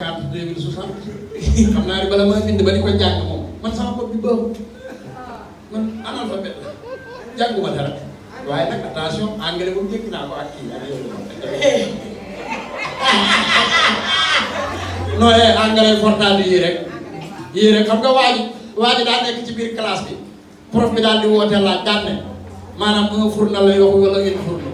quatre deux mille soixante xam naa ne bala maa bind di ko jàng moom man sama bopp bi baaxul man analphabète la jànguma dara waaye nag attention anglais moom njëkk naa ko ak kii ak yow non eh anglais fortaal yii rek yii rek xam nga waa ji waa ji daa nekk ci biir classe bi prof bi daal di woote laaj daan ne maanaam un fourneau lay wax wala une fourneau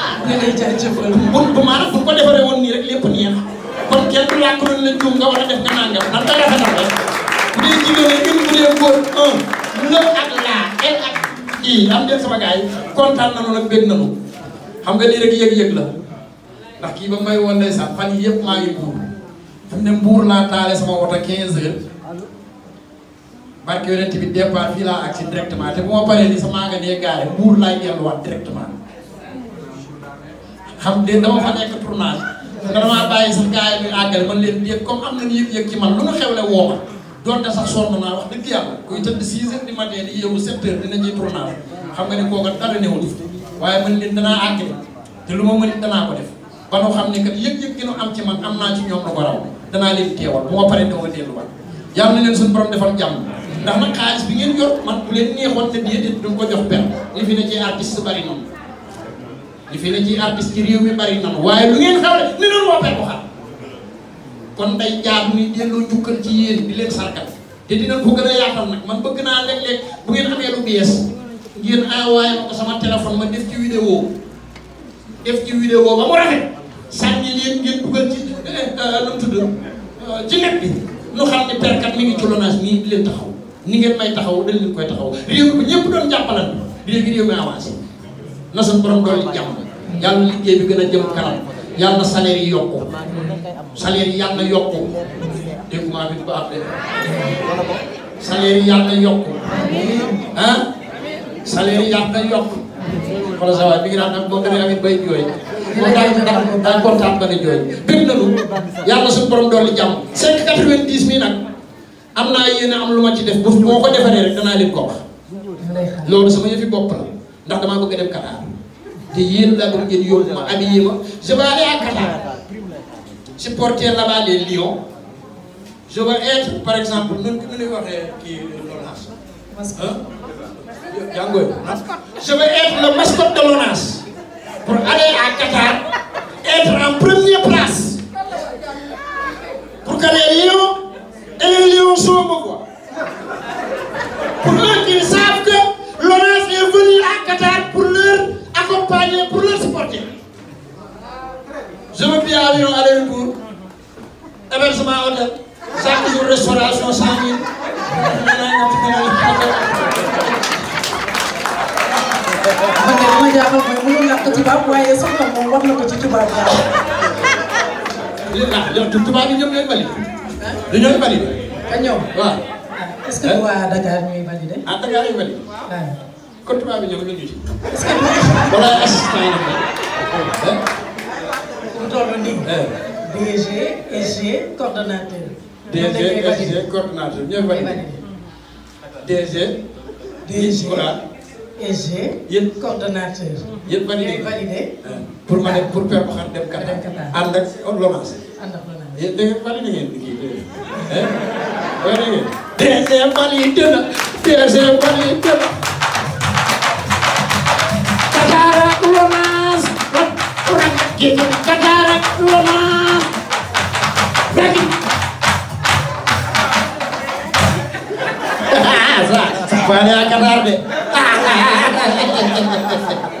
ñu lay jaajëfal bu bu maanaam bu ko defaree woon nii rek lépp neex kon kenn du làkkaloon la juum nga war a def nga nangam ndax da rafetal rek bu dee jigéen ñi bu may woon ndeysaan mbuur laa taale sama woto 15 heures barke yonent bi départ fii laa agsi directement te bu ma paree ni sama nga nee gaare mbuur laay delluwaat directement xam de dama fa nekk tournage nga damaa bàyyi sax gars yi ñuy àggale man leen yëg comme am nañu yëg-yëg ci man lu nu xewle ne kooku dara newul waaye man leen danaa àggale te lu ma mën it danaa ko def ba ne leen suñu borom defal jàmm ndax nag xaalis bi ngeen yor man leen neexoon te déedéet du ko jox benn li fi ne ci artiste bari noonu li fi ne ci artiste ci réew mi bari na waaye lu ngeen xam ne leen wootee ko xam kon day jaar ni delloo njukkal ci yéen di leen sarkat te dina ko gën a yaatal nag man bëgg naa léeg-léeg bu ngeen amee lu bees ngeen envoyé ma ko sama téléphone ma def ci vidéo def ci ba mu rafet sànni leen ngeen dugal ci lu euh, euh, mu euh, ci net bi ñu xam ne perkat mi ngi ci lonage nii di leen taxaw ni ngeen may taxaw dañ leen koy taxaw réew mi ñëpp doon jàppalante léegi réew mi avancé na seen borom yàlla na liggéey bi gën a jëm kanam yàlla salaire yokku salaire yàlla yokku dégguma de salaire yi yàlla na yokku ah salaire yi yàlla na yokku sa waay bi ngi naan nag boo demee amit bay jooy moom daal ndax daal kontaan na lu yàlla suñu borom dolli jàmm cinq quatre-vingt-dix mi nag am naa yéen am lu ma ci def bu moo ko defaree rek danaa leen loolu sama yëfi bopp ndax damaa bëgg dem Qatar nde yiinoɗa ɓurgueɗi yokkuma amiyima je vais aller à qatar supporter là-bas les lions je veux être par exemple qui nu nuy waxee kii l'ONAS hein? hein? je veux être le mascotte de l'ONAS pour aller à qatar être en premier ma o dem chaque jour restauration cent mille man de dama jàppal mooy mënul ñàkk tubaab waaye soxna moom wax na ko ci tubaab daal. li balik. Jam tubaab balik? ñoom Wah, bali. du ñooy bali. ka balik. waaw. est-ce que waa Dakar ñooy bali DG SG coordonnateur. DG SG coordonnateur ñooy validé. DG. DG voilà. SG. yéen coordonnateur. yéen validé pour ma dem pour Pemba xar dem Qatar. ànd ak ordonnance. ànd ak ordonnance yéen da ngeen validé ngeen kii validé. DG validé na DG validé na. Qatar ordonnance. puede a de.